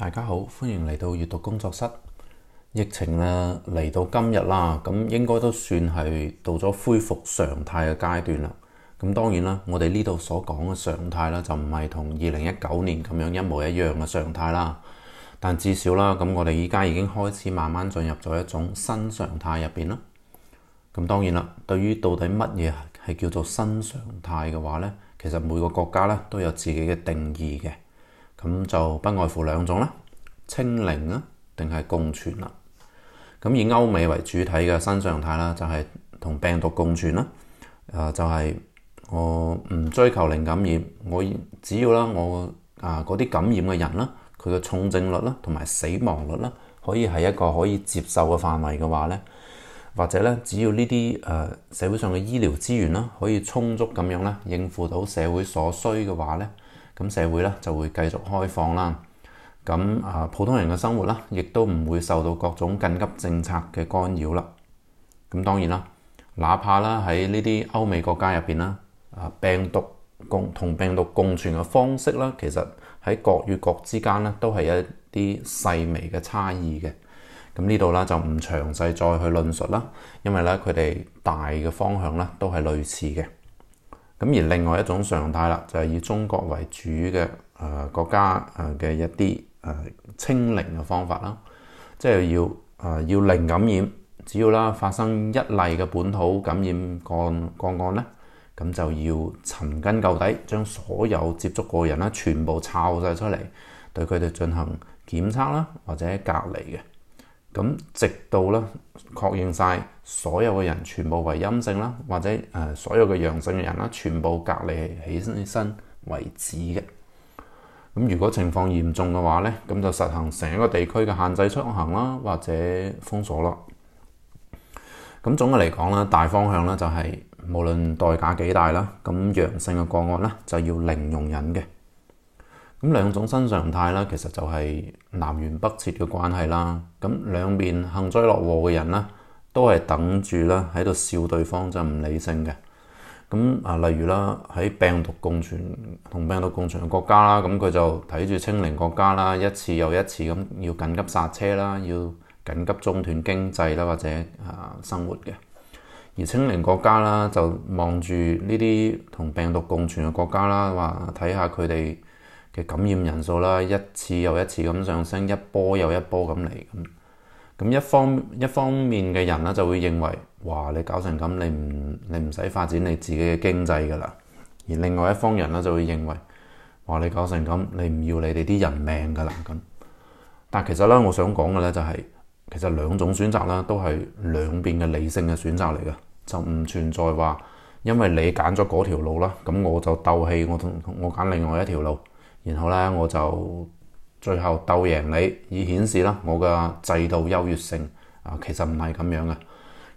大家好，歡迎嚟到閱讀工作室。疫情咧，嚟到今日啦，咁應該都算係到咗恢復常態嘅階段啦。咁當然啦，我哋呢度所講嘅常態啦，就唔係同二零一九年咁樣一模一樣嘅常態啦。但至少啦，咁我哋而家已經開始慢慢進入咗一種新常態入邊啦。咁當然啦，對於到底乜嘢係叫做新常態嘅話呢，其實每個國家呢都有自己嘅定義嘅。咁就不外乎兩種啦，清零啊，定係共存啦。咁以歐美為主體嘅新常態啦，就係、是、同病毒共存啦。誒、呃，就係、是、我唔追求零感染，我只要啦，我啊嗰啲感染嘅人啦，佢嘅重症率啦，同埋死亡率啦，可以係一個可以接受嘅範圍嘅話咧，或者咧，只要呢啲誒社會上嘅醫療資源啦，可以充足咁樣咧，應付到社會所需嘅話咧，咁社會咧就會繼續開放啦，咁啊普通人嘅生活啦，亦都唔會受到各種緊急政策嘅干擾啦。咁當然啦，哪怕啦喺呢啲歐美國家入邊啦，啊病毒共同病毒共存嘅方式啦，其實喺國與國之間咧都係一啲細微嘅差異嘅。咁呢度啦就唔詳細再去論述啦，因為咧佢哋大嘅方向咧都係類似嘅。咁而另外一種常態啦，就係、是、以中國為主嘅誒、呃、國家誒嘅一啲誒、呃、清零嘅方法啦，即係要誒、呃、要零感染，只要啦發生一例嘅本土感染個案個案咧，咁就要尋根究底，將所有接觸過人啦全部抄晒出嚟，對佢哋進行檢測啦或者隔離嘅。咁直到咧確認曬所有嘅人全部為陰性啦，或者誒所有嘅陽性嘅人啦，全部隔離起身起身為止嘅。咁如果情況嚴重嘅話咧，咁就實行成一個地區嘅限制出行啦，或者封鎖啦。咁總嘅嚟講咧，大方向咧就係無論代價幾大啦，咁陽性嘅個案咧就要零容忍嘅。咁兩種新常態啦，其實就係南轅北轍嘅關係啦。咁兩邊幸災樂禍嘅人啦，都係等住啦喺度笑對方，就唔理性嘅。咁啊，例如啦，喺病毒共存同病毒共存嘅國家啦，咁佢就睇住清零國家啦，一次又一次咁要緊急剎車啦，要緊急中斷經濟啦或者啊生活嘅。而清零國家啦，就望住呢啲同病毒共存嘅國家啦，話睇下佢哋，看看嘅感染人數啦，一次又一次咁上升，一波又一波咁嚟咁。咁一方一方面嘅人咧就會認為：「哇！你搞成咁，你唔你唔使發展你自己嘅經濟噶啦。」而另外一方人咧就會認為：「哇！你搞成咁，你唔要你哋啲人命噶啦。」咁。但其實咧，我想講嘅咧就係、是、其實兩種選擇啦，都係兩邊嘅理性嘅選擇嚟嘅，就唔存在話因為你揀咗嗰條路啦，咁我就鬥氣，我同我揀另外一條路。然後咧，我就最後鬥贏你，以顯示啦我嘅制度優越性啊！其實唔係咁樣嘅，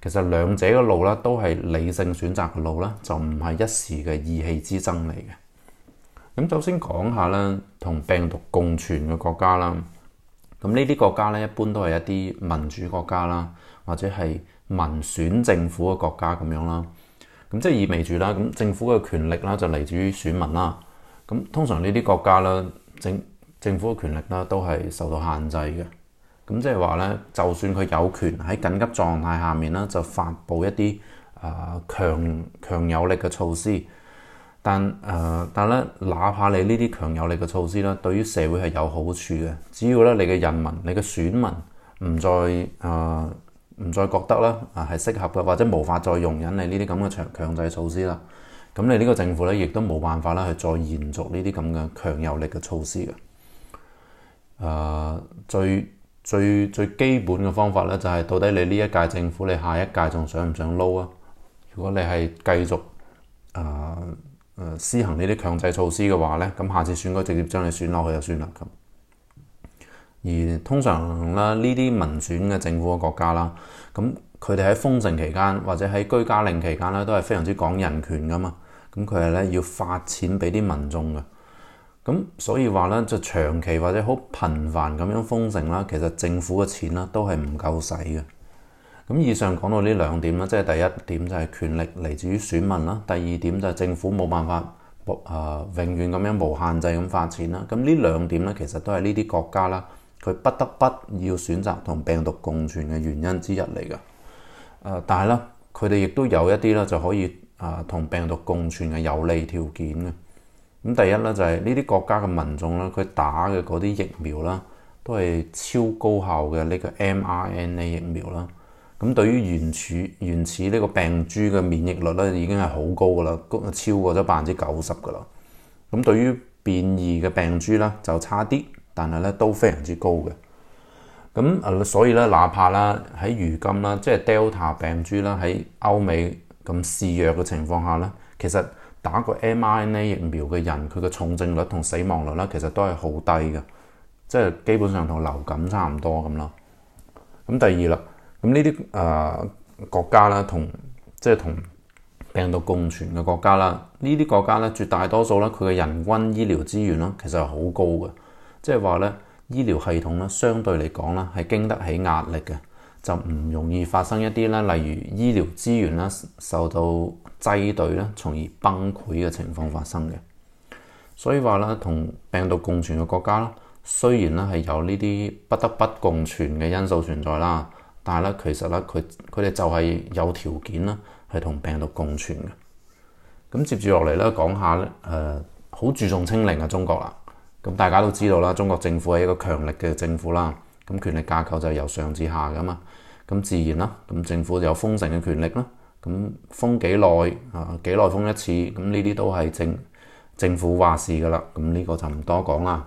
其實兩者嘅路咧都係理性選擇嘅路啦，就唔係一時嘅意氣之爭嚟嘅。咁首先講下咧，同病毒共存嘅國家啦，咁呢啲國家咧一般都係一啲民主國家啦，或者係民選政府嘅國家咁樣啦。咁即係意味住啦，咁政府嘅權力啦就嚟自於選民啦。咁通常呢啲國家咧，政政府嘅權力咧都係受到限制嘅。咁即係話咧，就算佢有權喺緊急狀態下面咧，就發布一啲誒強強有力嘅措施，但誒、呃、但咧，哪怕你呢啲強有力嘅措施咧，對於社會係有好處嘅。只要咧你嘅人民、你嘅選民唔再誒唔、呃、再覺得啦啊係適合嘅，或者無法再容忍你呢啲咁嘅強強制措施啦。咁你呢個政府咧，亦都冇辦法啦，去再延續呢啲咁嘅強有力嘅措施嘅。誒、呃，最最最基本嘅方法咧，就係、是、到底你呢一屆政府，你下一屆仲想唔想撈啊？如果你係繼續誒誒、呃呃、施行呢啲強制措施嘅話咧，咁下次選舉直接將你選落去就算啦。咁而通常啦，呢啲民選嘅政府嘅國家啦，咁佢哋喺封城期間或者喺居家令期間咧，都係非常之講人權㗎嘛。咁佢係咧要發錢俾啲民眾嘅，咁所以話咧就長期或者好頻繁咁樣封城啦，其實政府嘅錢啦都係唔夠使嘅。咁以上講到呢兩點啦，即係第一點就係權力嚟自於選民啦，第二點就係政府冇辦法博、呃、永遠咁樣無限制咁發錢啦。咁呢兩點咧，其實都係呢啲國家啦，佢不得不要選擇同病毒共存嘅原因之一嚟㗎。誒、呃，但係啦，佢哋亦都有一啲咧就可以。啊，同病毒共存嘅有利條件嘅，咁第一咧就係呢啲國家嘅民眾咧，佢打嘅嗰啲疫苗啦，都係超高效嘅呢個 mRNA 疫苗啦。咁對於原始原始呢個病株嘅免疫力咧，已經係好高噶啦，超過咗百分之九十噶啦。咁對於變異嘅病株咧，就差啲，但係咧都非常之高嘅。咁啊，所以咧，哪怕啦喺如今啦，即係 Delta 病株啦，喺歐美。肆虐嘅情況下呢，其實打個 mRNA 疫苗嘅人，佢嘅重症率同死亡率呢，其實都係好低嘅，即係基本上同流感差唔多咁咯。咁第二啦，咁呢啲誒國家咧，同即係同病毒共存嘅國家啦，呢啲國家呢，絕大多數咧，佢嘅人均醫療資源咧，其實係好高嘅，即係話呢，醫療系統呢，相對嚟講呢，係經得起壓力嘅。就唔容易發生一啲咧，例如醫療資源咧受到擠兌咧，從而崩潰嘅情況發生嘅。所以話咧，同病毒共存嘅國家咧，雖然咧係有呢啲不得不共存嘅因素存在啦，但係咧其實咧佢佢哋就係有條件啦，係同病毒共存嘅。咁接住落嚟咧，講下咧，誒、呃、好注重清零嘅中國啦。咁大家都知道啦，中國政府係一個強力嘅政府啦。咁權力架構就由上至下噶嘛，咁自然啦，啊。咁政府就有封城嘅權力啦，咁封幾耐啊？幾耐封，啊，封一次？咁呢啲都係政政府話事噶啦。咁呢個就唔多講啦。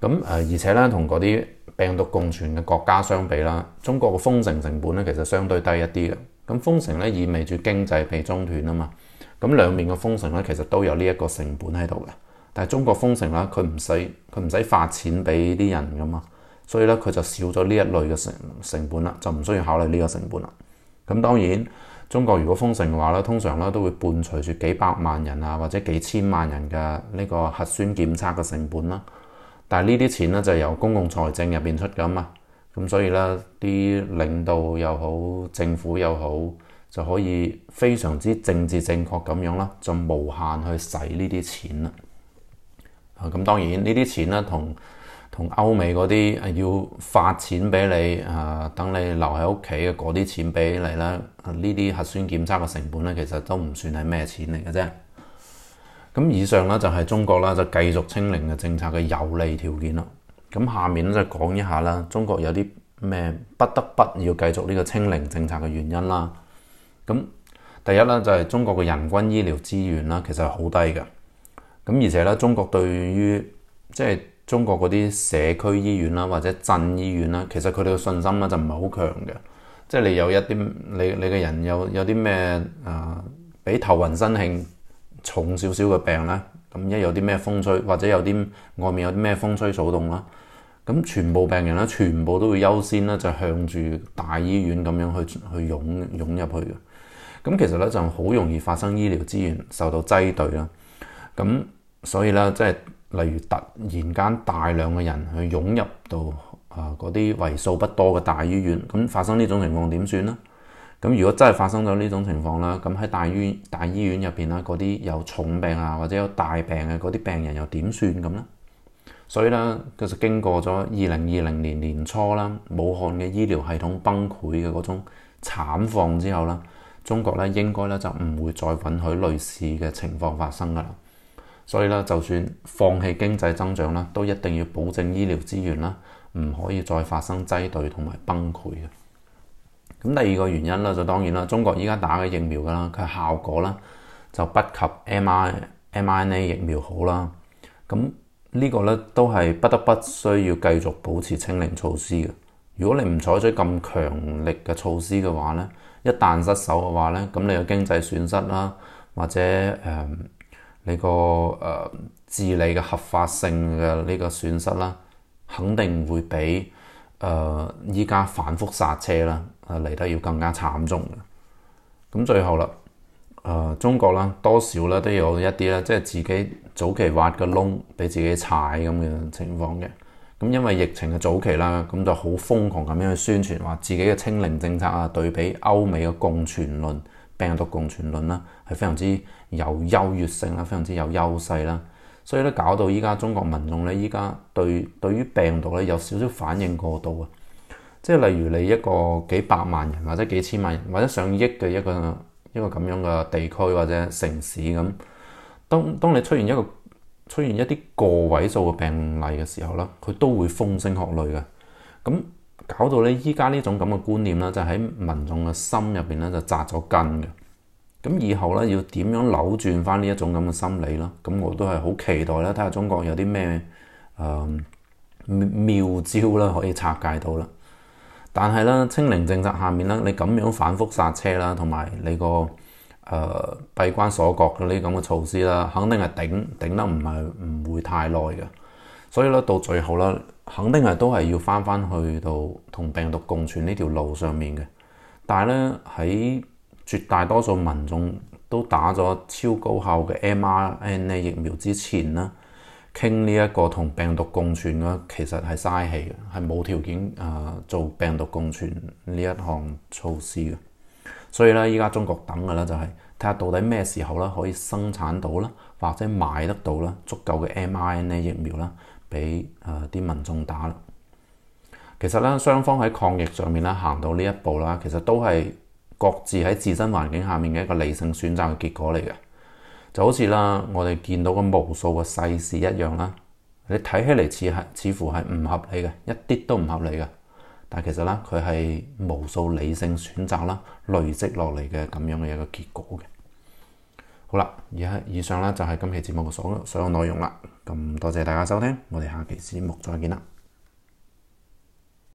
咁誒，而且咧，同嗰啲病毒共存嘅國家相比啦，中國嘅封城成本咧其實相對低一啲嘅。咁封城咧意味住經濟被中斷啊嘛。咁兩面嘅封城咧其實都有呢一個成本喺度嘅，但係中國封城咧佢唔使佢唔使發錢俾啲人噶嘛。所以咧，佢就少咗呢一類嘅成成本啦，就唔需要考慮呢個成本啦。咁當然，中國如果封城嘅話咧，通常咧都會伴隨住幾百萬人啊，或者幾千萬人嘅呢個核酸檢測嘅成本啦。但係呢啲錢咧就由公共財政入面出㗎嘛。咁所以咧，啲領導又好，政府又好，就可以非常之政治正確咁樣啦，就無限去使呢啲錢啦。咁當然呢啲錢咧同。同歐美嗰啲係要發錢俾你，嚇、啊、等你留喺屋企嘅嗰啲錢俾你啦。呢、啊、啲核酸檢測嘅成本咧，其實都唔算係咩錢嚟嘅啫。咁以上咧就係、是、中國啦，就繼續清零嘅政策嘅有利條件咯。咁下面咧就講一下啦，中國有啲咩不得不要繼續呢個清零政策嘅原因啦。咁第一咧就係、是、中國嘅人均醫療資源啦，其實係好低嘅。咁而且咧，中國對於即係、就是中國嗰啲社區醫院啦，或者鎮醫院啦，其實佢哋嘅信心咧就唔係好強嘅，即係你有一啲你你嘅人有有啲咩啊，比頭暈身㷫重少少嘅病咧，咁一有啲咩風吹或者有啲外面有啲咩風吹草動啦，咁全部病人咧全部都會優先咧就向住大醫院咁樣去去湧湧入去嘅，咁其實咧就好容易發生醫療資源受到擠兌啦，咁所以咧即係。例如突然間大量嘅人去湧入到啊嗰啲為數不多嘅大醫院，咁發生呢種情況點算咧？咁如果真係發生咗呢種情況啦，咁喺大醫大醫院入邊啦，嗰啲有重病啊或者有大病嘅嗰啲病人又點算咁呢？所以咧，其實經過咗二零二零年年初啦，武漢嘅醫療系統崩潰嘅嗰種慘況之後啦，中國咧應該咧就唔會再允許類似嘅情況發生㗎啦。所以咧，就算放棄經濟增長啦，都一定要保證醫療資源啦，唔可以再發生擠兌同埋崩潰嘅。咁第二個原因咧，就當然啦，中國依家打嘅疫苗㗎啦，佢效果啦，就不及 mR mRNA 疫苗好啦。咁呢個咧都係不得不需要繼續保持清零措施嘅。如果你唔採取咁強力嘅措施嘅話咧，一旦失守嘅話咧，咁你嘅經濟損失啦，或者誒，呃你個誒治理嘅合法性嘅呢個損失啦，肯定會比誒依家反覆剎車啦，誒、啊、嚟得要更加慘重。咁最後啦，誒、呃、中國啦多少啦都有一啲啦，即係自己早期挖個窿俾自己踩咁嘅情況嘅。咁因為疫情嘅早期啦，咁就好瘋狂咁樣去宣傳話自己嘅清零政策啊，對比歐美嘅共存論。病毒共存論啦，係非常之有優越性啦，非常之有優勢啦，所以咧搞到依家中國民眾咧，依家對對於病毒咧有少少反應過度啊！即係例如你一個幾百萬人或者幾千萬人或者上億嘅一個一個咁樣嘅地區或者城市咁，當當你出現一個出現一啲個位數嘅病例嘅時候啦，佢都會風聲鶴唳嘅，咁。搞到咧，依家呢種咁嘅觀念咧，就喺民眾嘅心入邊咧，就扎咗根嘅。咁以後咧，要點樣扭轉翻呢一種咁嘅心理咧？咁我都係好期待咧，睇下中國有啲咩誒妙招啦，可以拆解到啦。但係咧，清零政策下面咧，你咁樣反覆剎車啦，同埋你個誒、呃、閉關鎖國嘅呢咁嘅措施啦，肯定係頂頂得唔係唔會太耐嘅。所以咧，到最後啦。肯定係都係要翻翻去到同病毒共存呢條路上面嘅，但係咧，喺絕大多數民眾都打咗超高效嘅 mRNA 疫苗之前呢，傾呢一個同病毒共存咧，其實係嘥氣嘅，係冇條件誒、呃、做病毒共存呢一項措施嘅。所以咧，依家中國等嘅咧就係睇下到底咩時候啦，可以生產到啦，或者買得到啦，足夠嘅 mRNA 疫苗啦。俾誒啲民眾打啦，其實咧雙方喺抗疫上面咧行到呢一步啦，其實都係各自喺自身環境下面嘅一個理性選擇嘅結果嚟嘅，就好似啦我哋見到嘅無數嘅世事一樣啦，你睇起嚟似係似乎係唔合理嘅，一啲都唔合理嘅，但其實咧佢係無數理性選擇啦累積落嚟嘅咁樣嘅一個結果嘅。好啦，而家以上啦，就係今期節目嘅所有所有內容啦。咁多謝大家收聽，我哋下期節目再見啦。